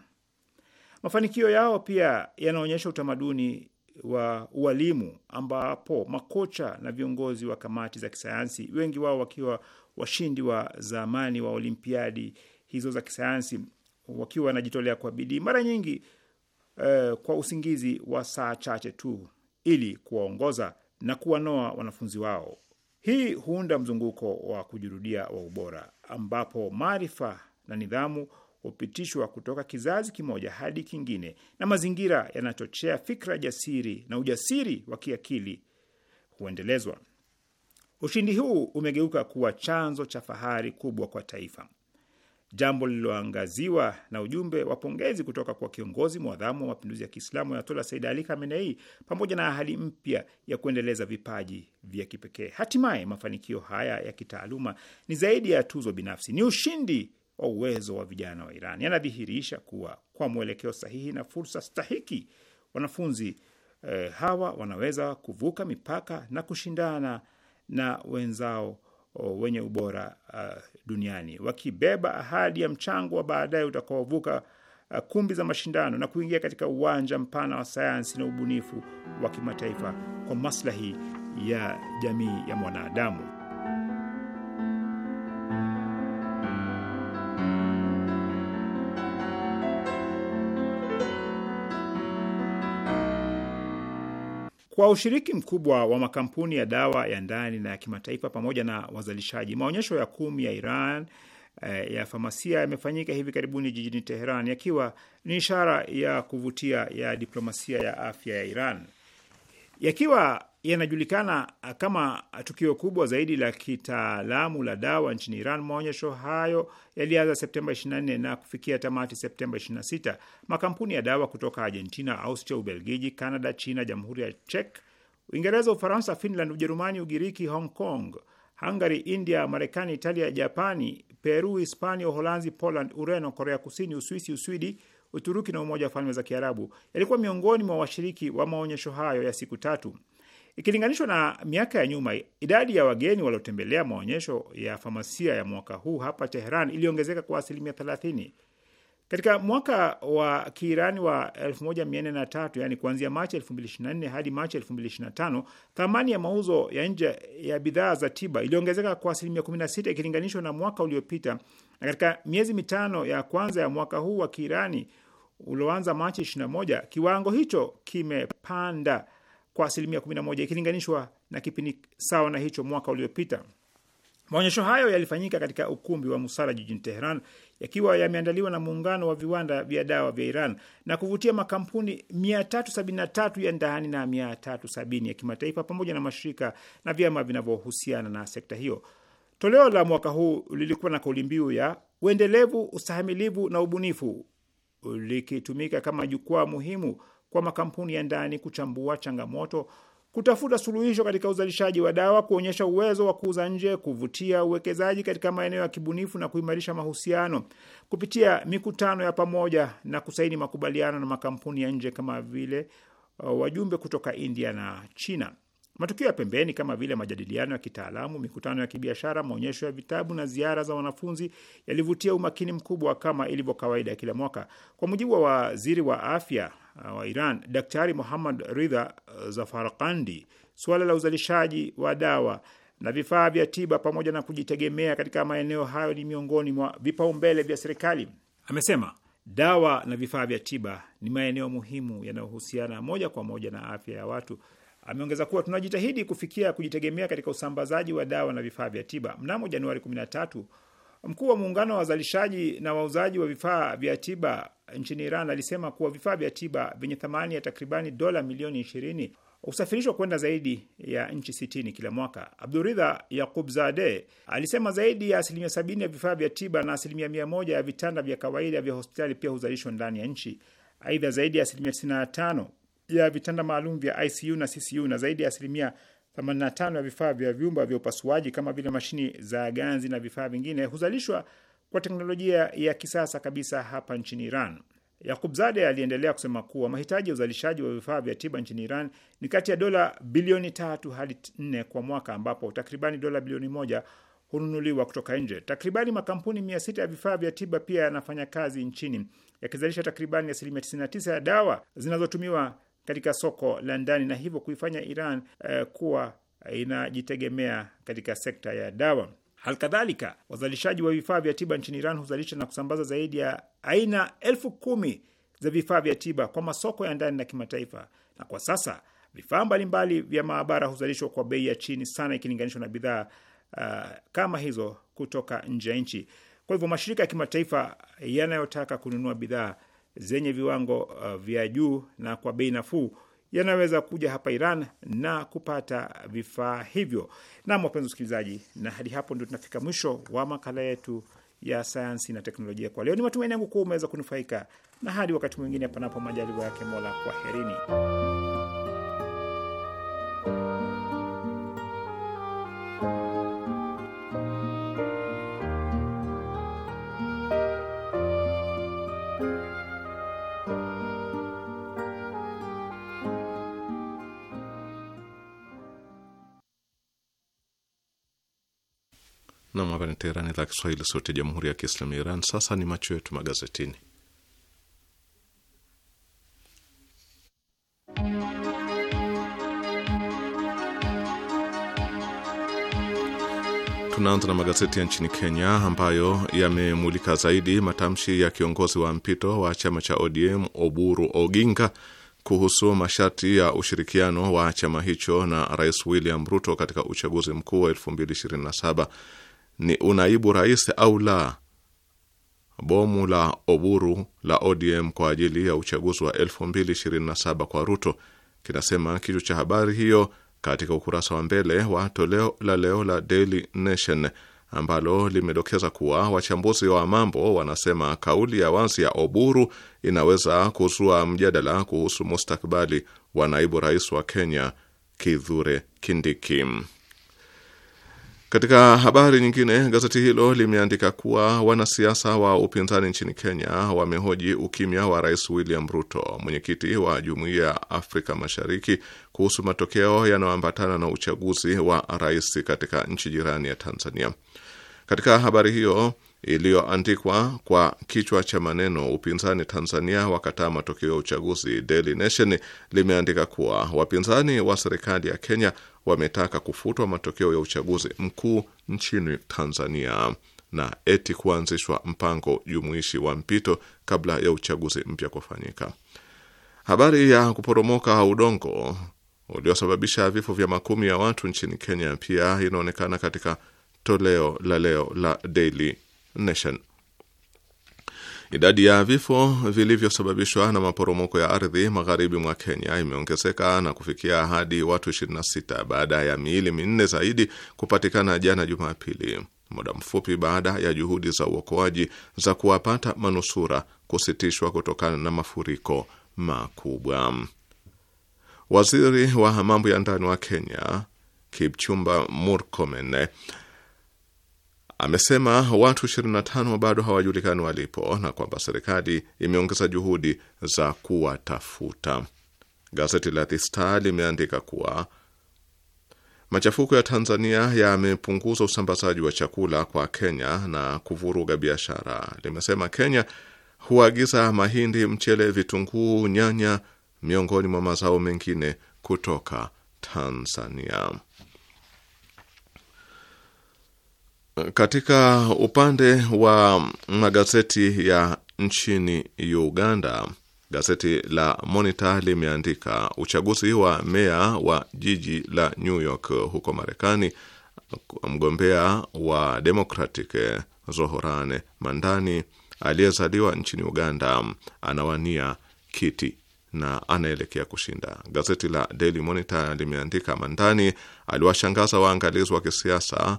Mafanikio yao pia yanaonyesha utamaduni wa ualimu ambapo makocha na viongozi wa kamati za kisayansi, wengi wao wakiwa washindi wa zamani wa Olimpiadi hizo za kisayansi wakiwa wanajitolea kwa bidii, mara nyingi eh, kwa usingizi wa saa chache tu, ili kuwaongoza na kuwanoa wanafunzi wao. Hii huunda mzunguko wa kujirudia wa ubora, ambapo maarifa na nidhamu hupitishwa kutoka kizazi kimoja hadi kingine, na mazingira yanachochea fikra jasiri na ujasiri wa kiakili huendelezwa. Ushindi huu umegeuka kuwa chanzo cha fahari kubwa kwa taifa jambo lililoangaziwa na ujumbe wa pongezi kutoka kwa kiongozi mwadhamu wa mapinduzi ya Kiislamu Ayatollah Said Ali Khamenei, pamoja na ahadi mpya ya kuendeleza vipaji vya kipekee. Hatimaye mafanikio haya ya kitaaluma ni zaidi ya tuzo binafsi, ni ushindi wa uwezo wa vijana wa Iran. Yanadhihirisha kuwa kwa mwelekeo sahihi na fursa stahiki, wanafunzi eh, hawa wanaweza kuvuka mipaka na kushindana na wenzao oh, wenye ubora uh, duniani wakibeba ahadi ya mchango wa baadaye utakaovuka uh, kumbi za mashindano na kuingia katika uwanja mpana wa sayansi na ubunifu wa kimataifa kwa maslahi ya jamii ya mwanadamu. Kwa ushiriki mkubwa wa makampuni ya dawa ya ndani na ya kimataifa pamoja na wazalishaji, maonyesho ya kumi ya Iran eh, ya famasia yamefanyika hivi karibuni jijini Teheran, yakiwa ni ishara ya kuvutia ya diplomasia ya afya ya Iran, yakiwa yanajulikana kama tukio kubwa zaidi la kitaalamu la dawa nchini Iran. Maonyesho hayo yalianza Septemba 24 na kufikia tamati Septemba 26. Makampuni ya dawa kutoka Argentina, Austria, Ubelgiji, Canada, China, Jamhuri ya Czech, Uingereza, Ufaransa, Finland, Ujerumani, Ugiriki, Hong Kong, Hungary, India, Marekani, Italia, Japani, Peru, Hispania, Uholanzi, Poland, Ureno, Korea Kusini, Uswisi, Uswidi, Uturuki na Umoja wa Falme za Kiarabu yalikuwa miongoni mwa washiriki wa maonyesho hayo ya siku tatu. Ikilinganishwa na miaka ya nyuma, idadi ya wageni waliotembelea maonyesho ya famasia ya mwaka huu hapa Teheran iliongezeka kwa asilimia 30. Katika mwaka wa Kiirani wa 1403 yani kuanzia Machi 2024 hadi Machi 2025, thamani ya mauzo ya nje ya bidhaa za tiba iliongezeka kwa asilimia 16 ikilinganishwa na mwaka uliopita, na katika miezi mitano ya kwanza ya mwaka huu wa Kiirani ulioanza Machi 21, kiwango hicho kimepanda kwa asilimia 11 ikilinganishwa na kipindi sawa na hicho mwaka uliopita. Maonyesho hayo yalifanyika katika ukumbi wa Musara jijini Teheran, yakiwa yameandaliwa na muungano wa viwanda vya dawa vya Iran na kuvutia makampuni 373 ya ndani na 370 ya kimataifa pamoja na mashirika na vyama vinavyohusiana na sekta hiyo. Toleo la mwaka huu lilikuwa na kauli mbiu ya uendelevu, ustahamilivu na ubunifu, likitumika kama jukwaa muhimu kwa makampuni ya ndani kuchambua changamoto, kutafuta suluhisho katika uzalishaji wa dawa, kuonyesha uwezo wa kuuza nje, kuvutia uwekezaji katika maeneo ya kibunifu na kuimarisha mahusiano kupitia mikutano ya pamoja na kusaini makubaliano na makampuni ya nje kama vile uh, wajumbe kutoka India na China. Matukio ya pembeni kama vile majadiliano ya kitaalamu, mikutano ya kibiashara, maonyesho ya vitabu na ziara za wanafunzi yalivutia umakini mkubwa kama ilivyo kawaida ya kila mwaka. Kwa mujibu wa waziri wa afya Uh, wa Iran, Daktari Muhammad Ridha uh, Zafarkandi, suala la uzalishaji wa dawa na vifaa vya tiba pamoja na kujitegemea katika maeneo hayo ni miongoni mwa vipaumbele vya serikali. Amesema dawa na vifaa vya tiba ni maeneo muhimu yanayohusiana moja kwa moja na afya ya watu. Ameongeza kuwa tunajitahidi kufikia kujitegemea katika usambazaji wa dawa na vifaa vya tiba. Mnamo Januari Mkuu wa muungano wa wazalishaji na wauzaji wa vifaa vya tiba nchini Iran alisema kuwa vifaa vya tiba vyenye thamani ya takribani dola milioni ishirini husafirishwa kwenda zaidi ya nchi sitini kila mwaka. Abduridha zade alisema zaidi ya asilimia sabini ya vifaa vya tiba na asilimia mia moja ya vitanda vya kawaida vya hospitali pia huzalishwa ndani ya nchi. Aidha, zaidi ya asilimia 95 ya vitanda maalum vya ICU na CCU na zaidi ya asilimia 85 ya vifaa vya vyumba vya upasuaji kama vile mashini za ganzi na vifaa vingine huzalishwa kwa teknolojia ya kisasa kabisa hapa nchini Iran. zade aliendelea kusema kuwa mahitaji ya uzalishaji wa vifaa vya tiba nchini Iran ni kati ya dola bilioni tatu hadi nne kwa mwaka, ambapo takribani dola bilioni moja hununuliwa kutoka nje. Takribani makampuni mia sita ya vifaa vya tiba pia yanafanya kazi nchini yakizalisha takribani asilimia 99 ya dawa zinazotumiwa katika soko la ndani na hivyo kuifanya Iran uh, kuwa inajitegemea katika sekta ya dawa. Halikadhalika, wazalishaji wa vifaa vya tiba nchini Iran huzalisha na kusambaza zaidi ya aina elfu kumi za vifaa vya tiba kwa masoko ya ndani na kimataifa, na kwa sasa vifaa mbalimbali vya maabara huzalishwa kwa bei ya chini sana ikilinganishwa na bidhaa uh, kama hizo kutoka nje ya nchi. Kwa hivyo mashirika ya kimataifa yanayotaka kununua bidhaa zenye viwango uh, vya juu na kwa bei nafuu yanaweza kuja hapa Iran na kupata vifaa hivyo. Naam, wapenzi wasikilizaji, na hadi hapo ndio tunafika mwisho wa makala yetu ya sayansi na teknolojia kwa leo. Ni matumaini yangu kuwa umeweza kunufaika, na hadi wakati mwingine, panapo majaliwa yake Mola, kwaherini. hapa ni Teherani, idhaa Kiswahili, sauti ya jamhuri ya kiislamu ya Iran. Sasa ni macho yetu magazetini. Tunaanza na magazeti ya nchini Kenya ambayo yamemulika zaidi matamshi ya kiongozi wa mpito wa chama cha ODM Oburu Oginga kuhusu masharti ya ushirikiano wa chama hicho na Rais William Ruto katika uchaguzi mkuu wa ni unaibu rais au la. Bomu la Oburu la ODM kwa ajili ya uchaguzi wa 2027 kwa Ruto, kinasema kichwa cha habari hiyo katika ukurasa wa mbele wa toleo la leo la Daily Nation ambalo limedokeza kuwa wachambuzi wa mambo wanasema kauli ya wazi ya Oburu inaweza kuzua mjadala kuhusu mustakabali wa naibu rais wa Kenya Kithure Kindiki. Katika habari nyingine, gazeti hilo limeandika kuwa wanasiasa wa upinzani nchini Kenya wamehoji ukimya wa Rais William Ruto, mwenyekiti wa Jumuiya ya Afrika Mashariki, kuhusu matokeo yanayoambatana na uchaguzi wa rais katika nchi jirani ya Tanzania. Katika habari hiyo iliyoandikwa kwa kichwa cha maneno upinzani Tanzania wakataa matokeo ya uchaguzi, Daily Nation limeandika kuwa wapinzani wa serikali ya Kenya wametaka kufutwa matokeo ya uchaguzi mkuu nchini Tanzania na eti kuanzishwa mpango jumuishi wa mpito kabla ya uchaguzi mpya kufanyika. Habari ya kuporomoka udongo uliosababisha vifo vya makumi ya watu nchini Kenya pia inaonekana katika toleo la leo la Daily Nation. Idadi ya vifo vilivyosababishwa na maporomoko ya ardhi magharibi mwa Kenya imeongezeka na kufikia hadi watu 26 baada ya miili minne zaidi kupatikana jana Jumapili, muda mfupi baada ya juhudi za uokoaji za kuwapata manusura kusitishwa kutokana na mafuriko makubwa. Waziri wa mambo ya ndani wa Kenya Kipchumba Murkomen Amesema watu 25 bado hawajulikani walipo na kwamba serikali imeongeza juhudi za kuwatafuta. Gazeti la The Star limeandika kuwa machafuko ya Tanzania yamepunguza usambazaji wa chakula kwa Kenya na kuvuruga biashara. Limesema Kenya huagiza mahindi, mchele, vitunguu, nyanya miongoni mwa mazao mengine kutoka Tanzania. Katika upande wa magazeti ya nchini Uganda, gazeti la Monitor limeandika uchaguzi wa meya wa jiji la New York huko Marekani, mgombea wa Democratic Zohoran Mandani aliyezaliwa nchini Uganda anawania kiti na anaelekea kushinda. Gazeti la Daily Monitor limeandika Mandani aliwashangaza waangalizi wa kisiasa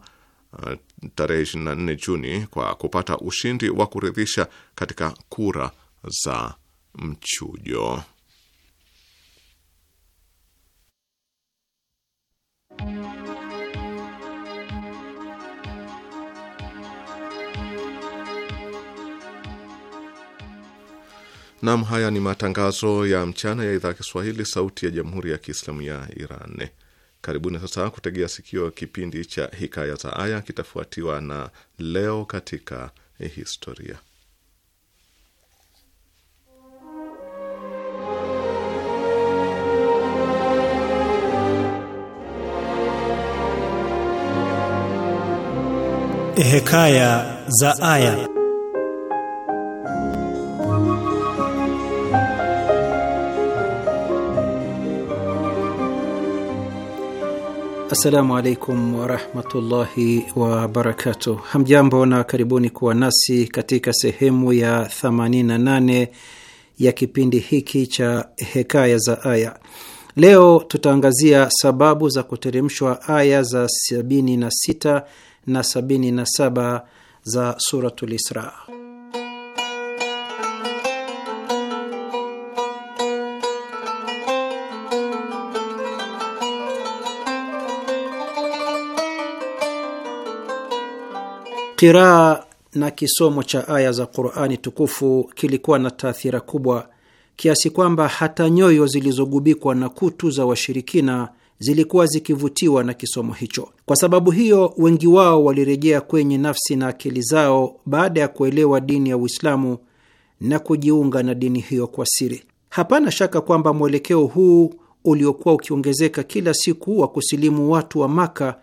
Uh, tarehe 24 Juni kwa kupata ushindi wa kuridhisha katika kura za mchujo. Nam, haya ni matangazo ya mchana ya idhaa ya Kiswahili, sauti ya jamhuri ya kiislamu ya Iran. Karibuni sasa kutegea sikio kipindi cha Hikaya za Aya, kitafuatiwa na Leo katika Historia. Hekaya za Aya. Assalamu alaikum warahmatullahi wabarakatuh. Hamjambo na karibuni kuwa nasi katika sehemu ya 88 ya kipindi hiki cha Hekaya za Aya. Leo tutaangazia sababu za kuteremshwa aya za 76 na 77 za Suratul Isra. Qiraa na kisomo cha aya za Qurani tukufu kilikuwa na taathira kubwa kiasi kwamba hata nyoyo zilizogubikwa na kutu za washirikina zilikuwa zikivutiwa na kisomo hicho. Kwa sababu hiyo, wengi wao walirejea kwenye nafsi na akili zao baada ya kuelewa dini ya Uislamu na kujiunga na dini hiyo kwa siri. Hapana shaka kwamba mwelekeo huu uliokuwa ukiongezeka kila siku wa kusilimu watu wa Maka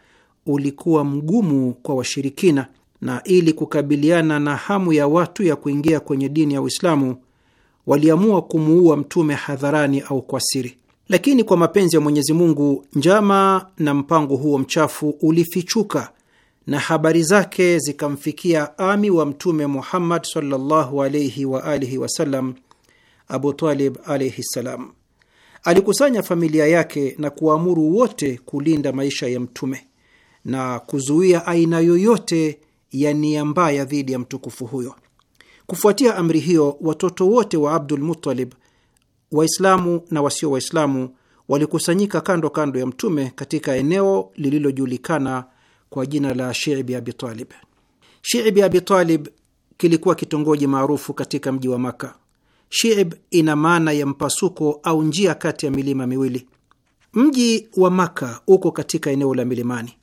ulikuwa mgumu kwa washirikina na ili kukabiliana na hamu ya watu ya kuingia kwenye dini ya Uislamu waliamua kumuua mtume hadharani au kwa siri, lakini kwa mapenzi ya Mwenyezi Mungu njama na mpango huo mchafu ulifichuka na habari zake zikamfikia ami wa Mtume Muhammad sallallahu alaihi wa alihi wasallam, Abu Talib alaihi ssalam. Alikusanya familia yake na kuwaamuru wote kulinda maisha ya mtume na kuzuia aina yoyote ya nia mbaya dhidi ya mtukufu huyo. Kufuatia amri hiyo, watoto wote wa Abdul Muttalib, Waislamu na wasio Waislamu, walikusanyika kando kando ya Mtume katika eneo lililojulikana kwa jina la Shiibi Abitalib. Shiibi Abitalib kilikuwa kitongoji maarufu katika mji wa makka Shiib ina maana ya mpasuko au njia kati ya milima miwili. Mji wa makka uko katika eneo la milimani.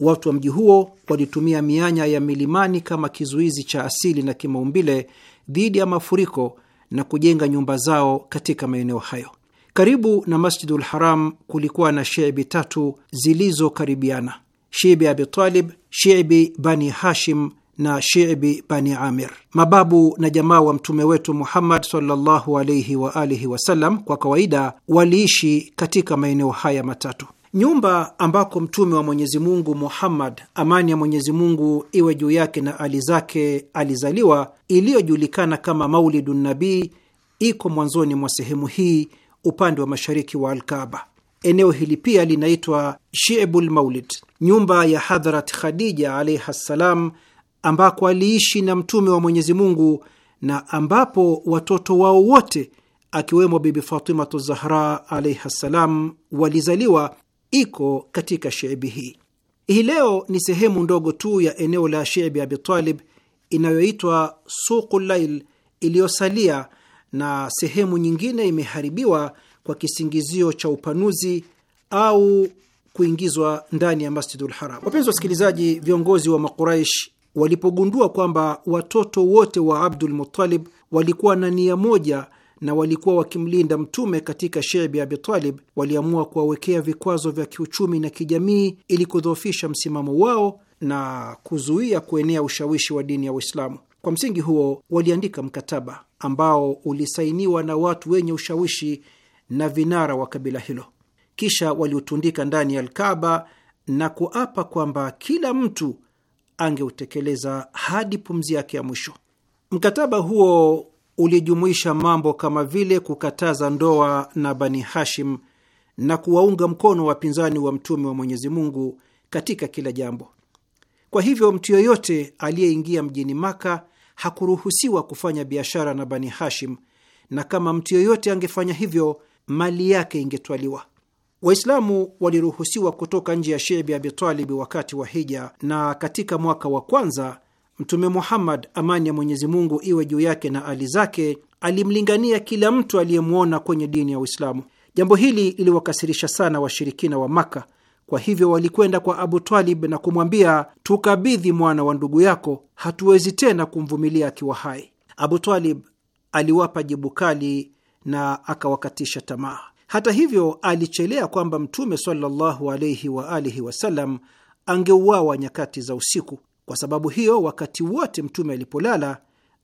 Watu wa mji huo walitumia mianya ya milimani kama kizuizi cha asili na kimaumbile dhidi ya mafuriko na kujenga nyumba zao katika maeneo hayo. Karibu na Masjidul Haram kulikuwa na shibi tatu zilizokaribiana: shibi Abi Talib, shibi Bani Hashim na shibi Bani Amir. Mababu na jamaa wa mtume wetu Muhammad sallallahu alaihi wa alihi wasallam kwa kawaida waliishi katika maeneo haya matatu. Nyumba ambako mtume wa Mwenyezi Mungu Muhammad, amani ya Mwenyezi Mungu iwe juu yake na ali zake, alizaliwa, iliyojulikana kama Maulidu Nabii, iko mwanzoni mwa sehemu hii upande wa mashariki wa Alkaba. Eneo hili pia linaitwa Shibul Maulid, nyumba ya Hadhrat Khadija alaihi ssalam, ambako aliishi na mtume wa Mwenyezi Mungu na ambapo watoto wao wote akiwemo Bibi Fatimatu Zahra alaihi ssalam walizaliwa iko katika shebi hii. Hii leo ni sehemu ndogo tu ya eneo la shebi Abitalib inayoitwa Suqu Lail iliyosalia, na sehemu nyingine imeharibiwa kwa kisingizio cha upanuzi au kuingizwa ndani ya Masjidul Haram. Wapenzi wasikilizaji, viongozi wa Makuraish walipogundua kwamba watoto wote wa Abdul Muttalib walikuwa na nia moja na walikuwa wakimlinda Mtume katika Shebi Abitalib, waliamua kuwawekea vikwazo vya kiuchumi na kijamii ili kudhoofisha msimamo wao na kuzuia kuenea ushawishi wa dini ya Uislamu. Kwa msingi huo, waliandika mkataba ambao ulisainiwa na watu wenye ushawishi na vinara wa kabila hilo, kisha waliutundika ndani ya Alkaba na kuapa kwamba kila mtu angeutekeleza hadi pumzi yake ya mwisho. Mkataba huo ulijumuisha mambo kama vile kukataza ndoa na Bani Hashim na kuwaunga mkono wapinzani wa mtume wa Mwenyezi Mungu katika kila jambo. Kwa hivyo mtu yoyote aliyeingia mjini Maka hakuruhusiwa kufanya biashara na Bani Hashim, na kama mtu yoyote angefanya hivyo, mali yake ingetwaliwa. Waislamu waliruhusiwa kutoka nje ya Shebi Abitalibi wakati wa hija, na katika mwaka wa kwanza Mtume Muhammad, amani ya Mwenyezi Mungu iwe juu yake na ali zake, alimlingania kila mtu aliyemwona kwenye dini ya Uislamu. Jambo hili liliwakasirisha sana washirikina wa makka Kwa hivyo walikwenda kwa Abu Talib na kumwambia, tukabidhi mwana wa ndugu yako, hatuwezi tena kumvumilia akiwa hai. Abu Talib aliwapa jibu kali na akawakatisha tamaa. Hata hivyo, alichelea kwamba Mtume sallallahu alaihi waalihi wasallam angeuawa nyakati za usiku. Kwa sababu hiyo, wakati wote mtume alipolala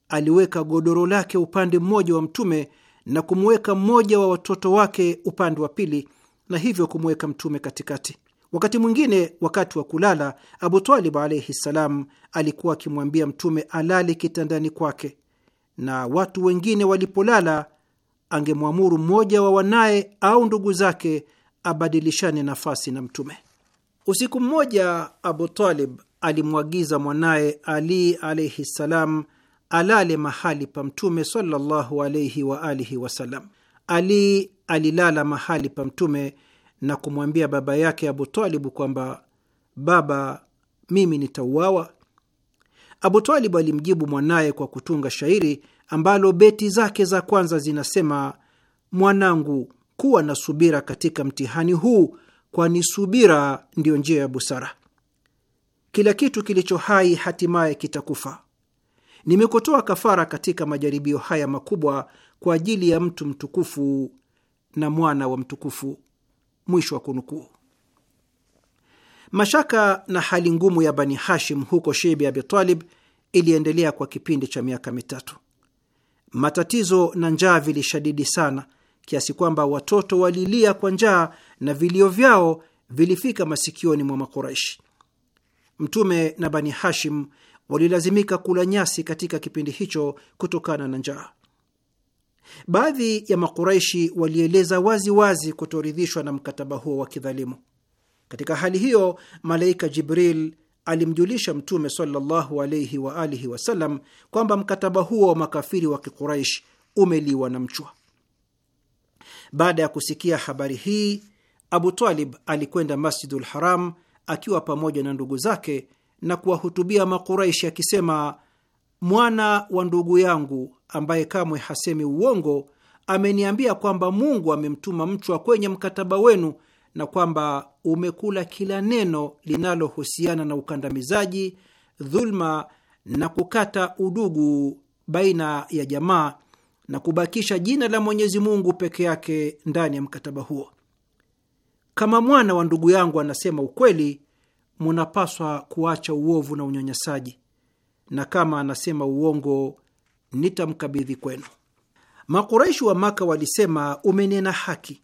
aliweka godoro lake upande mmoja wa mtume na kumweka mmoja wa watoto wake upande wa pili, na hivyo kumweka mtume katikati. Wakati mwingine, wakati wa kulala, Abu Talib alaihi ssalam alikuwa akimwambia mtume alale kitandani kwake, na watu wengine walipolala, angemwamuru mmoja wa wanaye au ndugu zake abadilishane nafasi na mtume. Usiku mmoja, Abu Talib alimwagiza mwanaye Ali alaihi ssalam alale mahali pa Mtume sallallahu alaihi wa alihi wasallam. Ali alilala mahali pa Mtume na kumwambia baba yake Abutalibu kwamba baba, mimi nitauawa? Abutalibu alimjibu mwanaye kwa kutunga shairi ambalo beti zake za kwanza zinasema: mwanangu, kuwa na subira katika mtihani huu, kwani subira ndiyo njia ya busara kila kitu kilicho hai hatimaye kitakufa. Nimekutoa kafara katika majaribio haya makubwa kwa ajili ya mtu mtukufu na mwana wa mtukufu. Mwisho wa kunukuu. Mashaka na hali ngumu ya Bani Hashim huko Shebi Abitalib iliendelea kwa kipindi cha miaka mitatu. Matatizo na njaa vilishadidi sana kiasi kwamba watoto walilia kwa njaa na vilio vyao vilifika masikioni mwa Makuraishi. Mtume na Bani Hashim walilazimika kula nyasi katika kipindi hicho kutokana na njaa. Baadhi ya Makuraishi walieleza wazi wazi kutoridhishwa na mkataba huo wa kidhalimu. Katika hali hiyo, malaika Jibril alimjulisha Mtume sallallahu alaihi wa alihi wasallam kwamba mkataba huo wa makafiri wa Kikuraish umeliwa na mchwa. Baada ya kusikia habari hii, Abu Talib alikwenda Masjidul Haram akiwa pamoja na ndugu zake na kuwahutubia Makuraishi akisema, mwana wa ndugu yangu ambaye kamwe hasemi uongo ameniambia kwamba Mungu amemtuma mchwa kwenye mkataba wenu na kwamba umekula kila neno linalohusiana na ukandamizaji, dhulma na kukata udugu baina ya jamaa na kubakisha jina la Mwenyezi Mungu peke yake ndani ya mkataba huo. Kama mwana wa ndugu yangu anasema ukweli, munapaswa kuacha uovu na unyanyasaji, na kama anasema uongo, nitamkabidhi kwenu. Makuraishi wa Maka walisema, umenena haki.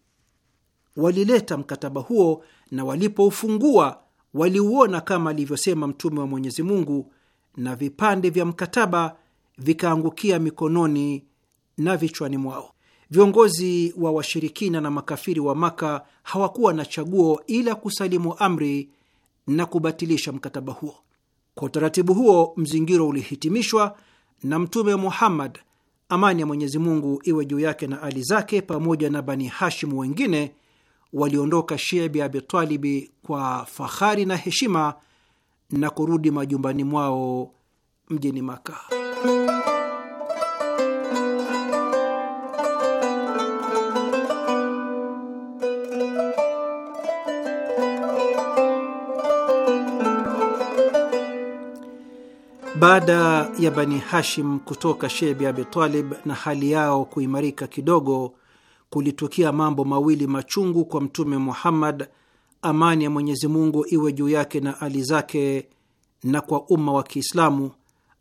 Walileta mkataba huo na walipoufungua waliuona kama alivyosema Mtume wa Mwenyezi Mungu, na vipande vya mkataba vikaangukia mikononi na vichwani mwao. Viongozi wa washirikina na makafiri wa Maka hawakuwa na chaguo ila kusalimu amri na kubatilisha mkataba huo. Kwa utaratibu huo, mzingiro ulihitimishwa na Mtume Muhammad, amani ya Mwenyezi Mungu iwe juu yake na ali zake, pamoja na Bani Hashimu wengine waliondoka Shebi Abitalibi kwa fahari na heshima na kurudi majumbani mwao mjini Maka. Baada ya Bani Hashim kutoka Shebi Abi na hali yao kuimarika kidogo, kulitukia mambo mawili machungu kwa Mtume Muhammad, amani ya Mwenyezi Mungu iwe juu yake na ali zake, na kwa umma wa Kiislamu,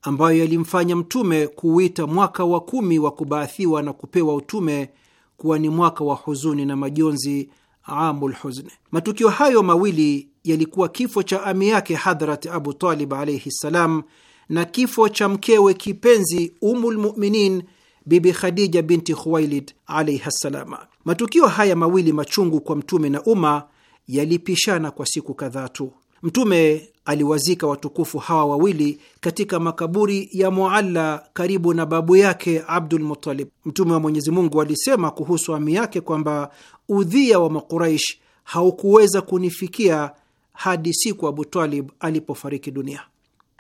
ambayo yalimfanya Mtume kuuita mwaka wa kumi wa kubaathiwa na kupewa utume kuwa ni mwaka wa huzuni na majonzi, amul huzni. Matukio hayo mawili yalikuwa kifo cha ami yake Hadhrat Abu Talib alaihi ssalam na kifo cha mkewe kipenzi Umulmuminin Bibi Khadija binti Khuwailid alaihi ssalama. Matukio haya mawili machungu kwa Mtume na umma yalipishana kwa siku kadhaa tu. Mtume aliwazika watukufu hawa wawili katika makaburi ya Mualla karibu na babu yake Abdul Muttalib. Mtume wa Mwenyezi Mungu alisema kuhusu ami yake kwamba udhia wa Makuraish haukuweza kunifikia hadi siku Abu Talib alipofariki dunia.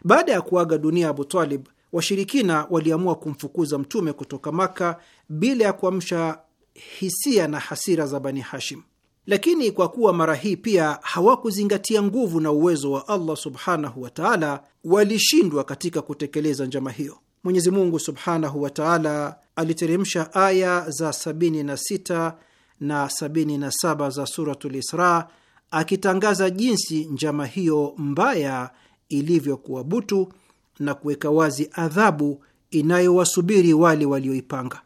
Baada ya kuaga dunia Abu Talib, washirikina waliamua kumfukuza Mtume kutoka Maka bila ya kuamsha hisia na hasira za Bani Hashim, lakini kwa kuwa mara hii pia hawakuzingatia nguvu na uwezo wa Allah subhanahu wa taala, walishindwa katika kutekeleza njama hiyo. Mwenyezi Mungu subhanahu wa taala aliteremsha aya za 76 na 77 za Suratul Isra akitangaza jinsi njama hiyo mbaya ilivyokuwa butu na kuweka wazi adhabu inayowasubiri wale walioipanga.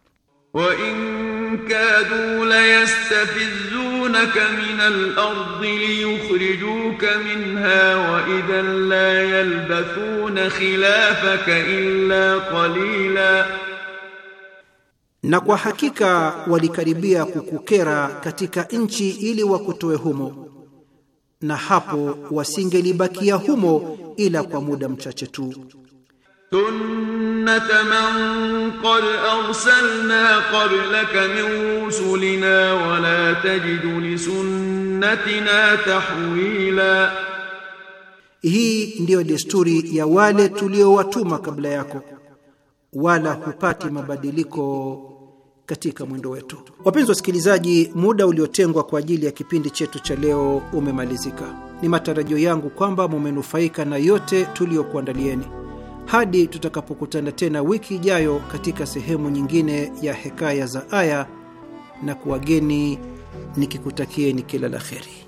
wa in kadu layastafizunaka min al-ardi liyukhrijuka minha wa idhan la yalbathuna khilafaka illa qalila, na kwa hakika walikaribia kukukera katika nchi ili wakutoe humo na hapo wasingelibakia humo ila kwa muda mchache tu. sunnata man qad arsalna qablaka min rusulina la tajidu sunnatina tahwila, hii ndiyo desturi ya wale tuliowatuma kabla yako, wala hupati mabadiliko katika mwendo wetu. Wapenzi wasikilizaji, muda uliotengwa kwa ajili ya kipindi chetu cha leo umemalizika. Ni matarajio yangu kwamba mumenufaika na yote tuliyokuandalieni. Hadi tutakapokutana tena wiki ijayo katika sehemu nyingine ya Hekaya za Aya, na kuwageni nikikutakieni kila la heri.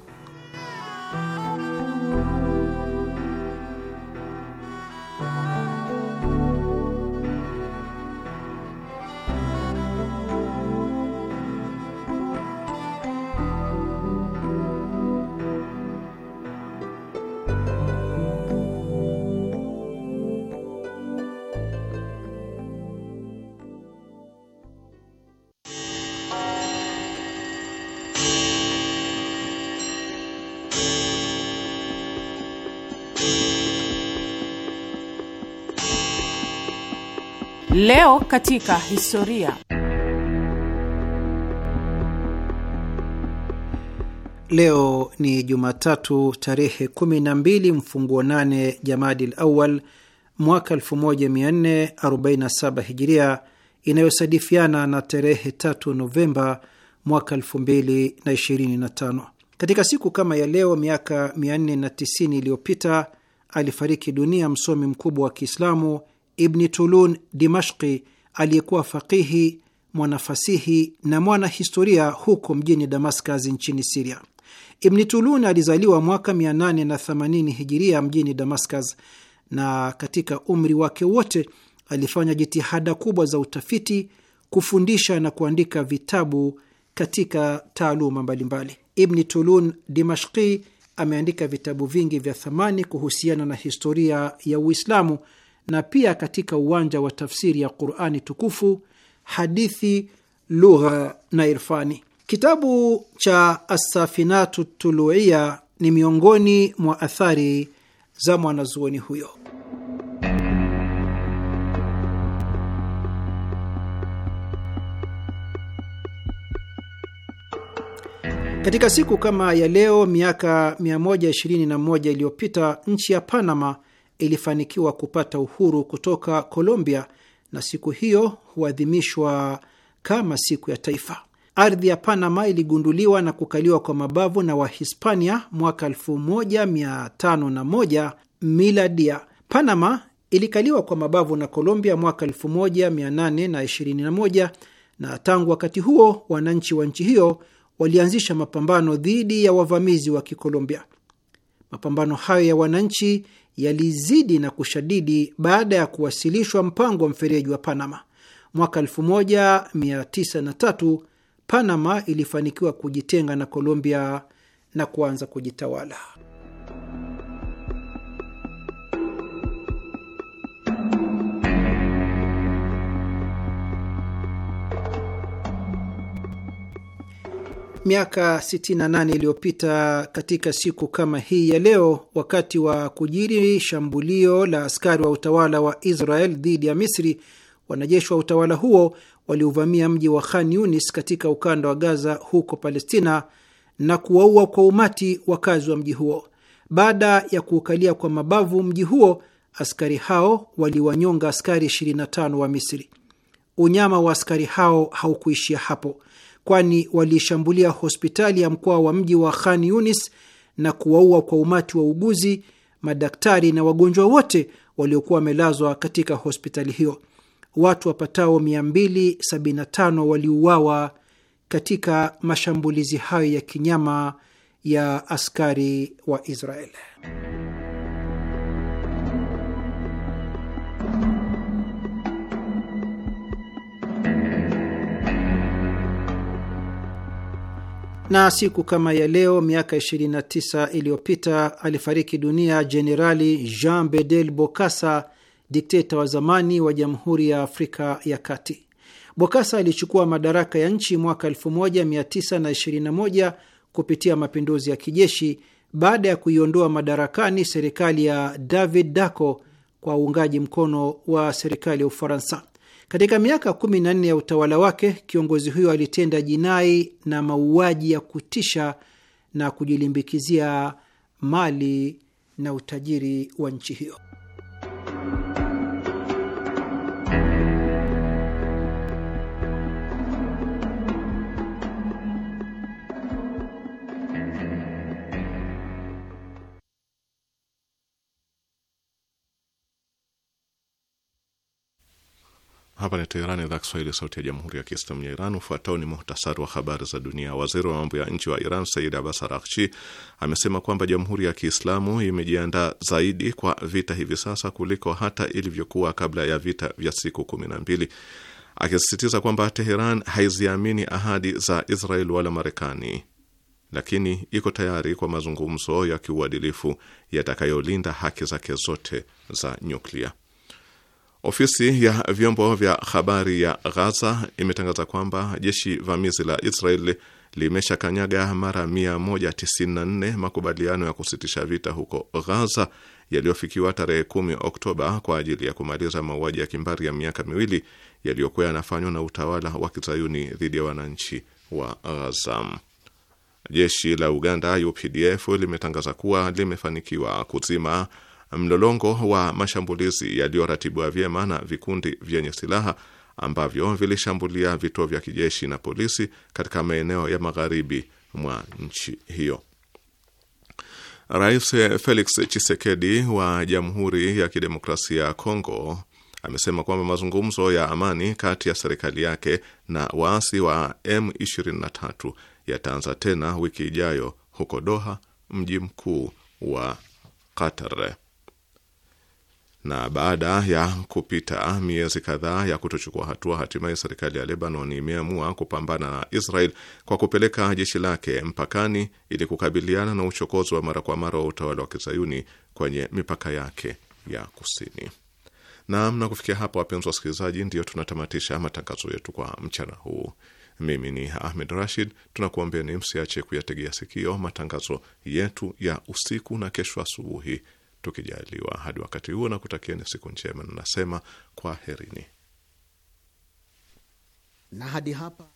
Leo katika historia. Leo ni Jumatatu tarehe 12 mfunguo 8 Jamadil Awal mwaka 1447 Hijiria, inayosadifiana na tarehe 3 Novemba mwaka 2025. Katika siku kama ya leo miaka 490 iliyopita alifariki dunia msomi mkubwa wa Kiislamu Ibni Tulun Dimashki aliyekuwa faqihi, mwanafasihi na mwana historia huko mjini Damascus nchini Siria. Ibni Tulun alizaliwa mwaka 880 hijiria mjini Damascus, na katika umri wake wote alifanya jitihada kubwa za utafiti, kufundisha na kuandika vitabu katika taaluma mbalimbali. Ibni Tulun Dimashki ameandika vitabu vingi vya thamani kuhusiana na historia ya Uislamu na pia katika uwanja wa tafsiri ya Qurani tukufu, hadithi, lugha na irfani. Kitabu cha Assafinatu Tuluia ni miongoni mwa athari za mwanazuoni huyo. Katika siku kama ya leo miaka 121 iliyopita nchi ya Panama ilifanikiwa kupata uhuru kutoka Colombia na siku hiyo huadhimishwa kama siku ya taifa. Ardhi ya Panama iligunduliwa na kukaliwa kwa mabavu na Wahispania mwaka 1501 miladia. Panama ilikaliwa kwa mabavu na Colombia mwaka 1821 na tangu wakati huo wananchi wa nchi hiyo walianzisha mapambano dhidi ya wavamizi wa Kikolombia. Mapambano hayo ya wananchi yalizidi na kushadidi baada ya kuwasilishwa mpango wa mfereji wa Panama. Mwaka 1903 Panama ilifanikiwa kujitenga na Colombia na kuanza kujitawala. miaka 68 iliyopita katika siku kama hii ya leo, wakati wa kujiri shambulio la askari wa utawala wa Israel dhidi ya Misri, wanajeshi wa utawala huo waliuvamia mji wa Khan Yunis katika ukanda wa Gaza huko Palestina na kuwaua kwa umati wakazi wa mji huo. Baada ya kuukalia kwa mabavu mji huo, askari hao waliwanyonga askari 25 wa Misri. Unyama wa askari hao haukuishia hapo kwani walishambulia hospitali ya mkoa wa mji wa Khan Yunis na kuwaua kwa umati wa uguzi, madaktari na wagonjwa wote waliokuwa wamelazwa katika hospitali hiyo. Watu wapatao 275 waliuawa katika mashambulizi hayo ya kinyama ya askari wa Israeli. na siku kama ya leo miaka 29 iliyopita alifariki dunia Jenerali Jean Bedel Bokassa, dikteta wa zamani wa Jamhuri ya Afrika ya Kati. Bokassa alichukua madaraka ya nchi mwaka 1921 kupitia mapinduzi ya kijeshi baada ya kuiondoa madarakani serikali ya David Daco kwa uungaji mkono wa serikali ya Ufaransa. Katika miaka kumi na nne ya utawala wake, kiongozi huyo alitenda jinai na mauaji ya kutisha na kujilimbikizia mali na utajiri wa nchi hiyo. Hapa ni Teheran, idhaa Kiswahili, sauti ya jamhuri ya kiislamu ya Iran. Ufuatao ni muhtasari wa habari za dunia. Waziri wa mambo ya nchi wa Iran Said Abbas amesema kwamba jamhuri ya Kiislamu imejiandaa zaidi kwa vita hivi sasa kuliko hata ilivyokuwa kabla ya vita vya siku kumi na mbili, akisisitiza kwamba Teheran haiziamini ahadi za Israel wala Marekani, lakini iko tayari kwa mazungumzo ya kiuadilifu yatakayolinda haki zake zote za nyuklia. Ofisi ya vyombo vya habari ya Ghaza imetangaza kwamba jeshi vamizi la israel limeshakanyaga mara 194 makubaliano ya kusitisha vita huko Ghaza yaliyofikiwa tarehe 10 Oktoba kwa ajili ya kumaliza mauaji ya kimbari ya miaka miwili yaliyokuwa yanafanywa na utawala wa kizayuni dhidi ya wananchi wa Ghaza. Jeshi la Uganda UPDF limetangaza kuwa limefanikiwa kuzima mlolongo wa mashambulizi yaliyoratibiwa vyema na vikundi vyenye silaha ambavyo vilishambulia vituo vya kijeshi na polisi katika maeneo ya magharibi mwa nchi hiyo. Rais Felix Tshisekedi wa Jamhuri ya Kidemokrasia ya Kongo amesema kwamba mazungumzo ya amani kati ya serikali yake na waasi wa M23 yataanza tena wiki ijayo huko Doha, mji mkuu wa Qatar na baada ya kupita miezi kadhaa ya kutochukua hatua, hatimaye serikali ya Lebanon imeamua kupambana na Israel kwa kupeleka jeshi lake mpakani ili kukabiliana na uchokozi wa mara kwa mara wa utawala wa kizayuni kwenye mipaka yake ya kusini. Naam, na kufikia hapa, wapenzi wasikilizaji, ndiyo tunatamatisha matangazo yetu kwa mchana huu. Mimi ni Ahmed Rashid, tunakuambia ni msiache kuyategea sikio matangazo yetu ya usiku na kesho asubuhi tukijaliwa. Hadi wakati huo, na ni siku njema, na nasema kwa herini na hadi hapa